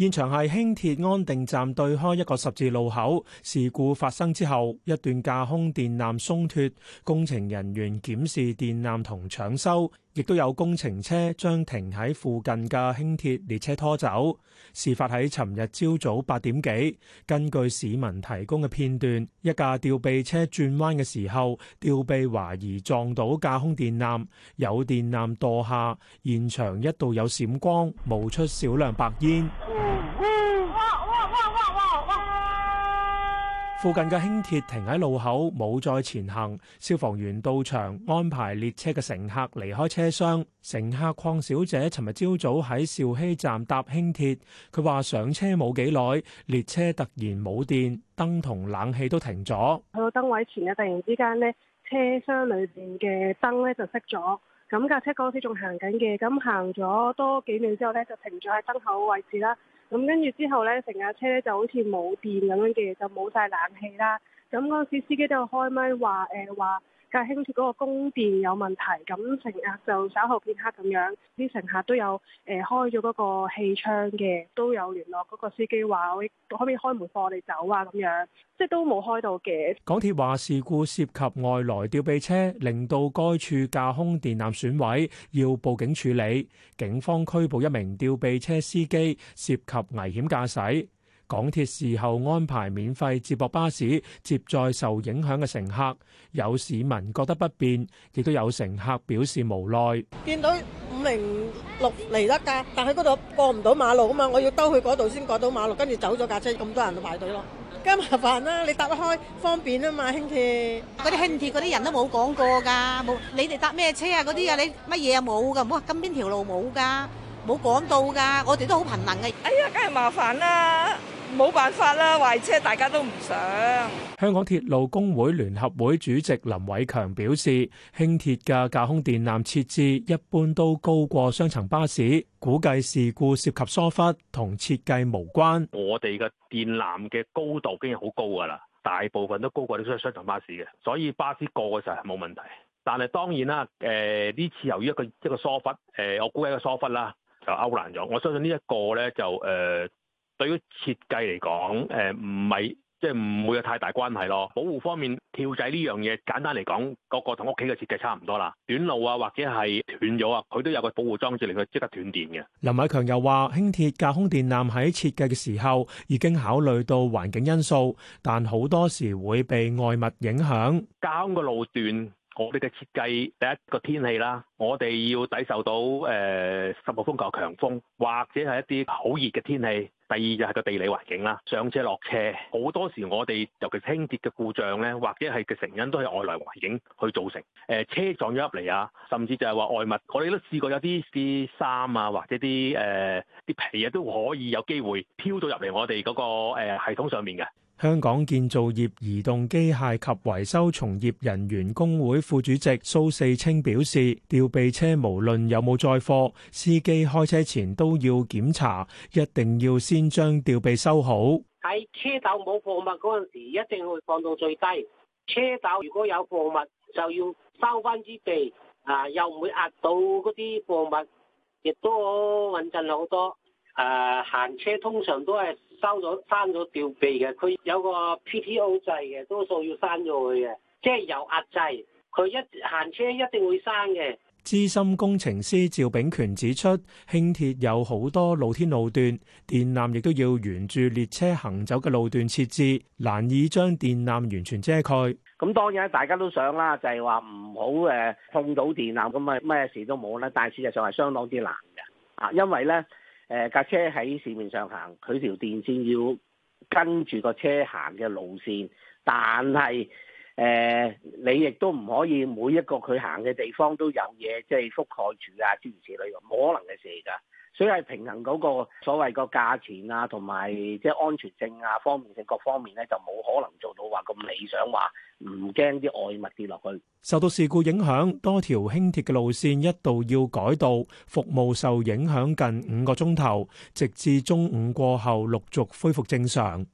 現場係輕鐵安定站對開一個十字路口，事故發生之後，一段架空電纜鬆脫，工程人員檢視電纜同搶修，亦都有工程車將停喺附近嘅輕鐵列車拖走。事發喺尋日朝早八點幾。根據市民提供嘅片段，一架吊臂車轉彎嘅時候，吊臂懷疑撞到架空電纜，有電纜墮下，現場一度有閃光，冒出少量白煙。附近嘅輕鐵停喺路口，冇再前行。消防員到場，安排列車嘅乘客離開車廂。乘客鄺小姐，尋日朝早喺兆禧站搭輕鐵，佢話上車冇幾耐，列車突然冇電，燈同冷氣都停咗。去到燈位前嘅突然之間呢，車廂裏邊嘅燈咧就熄咗。咁架車嗰時仲行緊嘅，咁行咗多幾秒之後咧，就停咗喺燈口位置啦。咁跟住之後呢，成架車呢就好似冇電咁樣嘅，就冇晒冷氣啦。咁嗰陣時，司機就開咪話，誒話，呃架輕鐵嗰個供電有問題，咁乘客就稍後片刻咁樣，啲乘客都有誒開咗嗰個氣窗嘅，都有聯絡嗰個司機話可唔可以開門放我哋走啊咁樣，即係都冇開到嘅。港鐵話事故涉及外來吊臂車，令到該處架空電纜損毀，要報警處理。警方拘捕一名吊臂車司機，涉及危險駕駛。港鐵事後安排免費接駁巴士，接載受影響嘅乘客。冇辦法啦，壞車大家都唔想。香港鐵路工會聯合會主席林偉強表示，輕鐵嘅架空電纜設置一般都高過雙層巴士，估計事故涉及疏忽同設計無關。我哋嘅電纜嘅高度已經好高㗎啦，大部分都高過啲雙雙層巴士嘅，所以巴士過嘅時候係冇問題。但係當然啦，誒、呃、呢次由於一個一個疏忽，誒、呃、我估一個疏忽啦就勾爛咗。我相信這呢一個咧就誒。呃對於設計嚟講，誒唔係即係唔會有太大關係咯。保護方面，跳掣呢樣嘢簡單嚟講，個個同屋企嘅設計差唔多啦。短路啊，或者係斷咗啊，佢都有個保護裝置令佢即刻斷電嘅。林偉強又話：輕鐵架空電纜喺設計嘅時候已經考慮到環境因素，但好多時會被外物影響。架空嘅路段，我哋嘅設計第一個天氣啦，我哋要抵受到誒十號風球、強風，或者係一啲好熱嘅天氣。第二就係個地理環境啦，上車落車好多時我們，我哋尤其輕鐵嘅故障呢，或者係嘅成因都係外來環境去造成。誒車撞咗入嚟啊，甚至就係話外物，我哋都試過有啲啲衫啊，或者啲誒啲皮啊，都可以有機會飄到入嚟我哋嗰個系統上面嘅。香港建造業移動機械及維修從業人員工會副主席蘇四清表示，吊臂車無論有冇載貨，司機開車前都要檢查，一定要先將吊臂收好。喺車斗冇貨物嗰陣時，一定會放到最低。車斗如果有貨物，就要收翻支臂，啊又唔會壓到嗰啲貨物，亦都很穩陣好多。誒、啊、行車通常都係收咗閂咗吊臂嘅，佢有個 P.T.O 掣嘅，多數要閂咗佢嘅，即係油壓掣。佢一行車一定會閂嘅。資深工程師趙炳權指出，輕鐵有好多露天路段，電纜亦都要沿住列車行走嘅路段設置，難以將電纜完全遮蓋。咁、嗯、當然大家都想啦，就係話唔好誒碰到電纜咁啊，咩事都冇啦。但事實上係相當之難嘅啊，因為呢。誒架車喺市面上行，佢條電線要跟住個車行嘅路線，但係誒、呃、你亦都唔可以每一個佢行嘅地方都有嘢，即係覆蓋住啊，諸如此類嘅，冇可能嘅事㗎。所以係平衡嗰個所謂個價錢啊，同埋即係安全性啊方面性各方面咧，就冇可能做到話咁理想，話唔驚啲外物跌落去。受到事故影響，多條輕鐵嘅路線一度要改道，服務受影響近五個鐘頭，直至中午過後陸續恢復正常。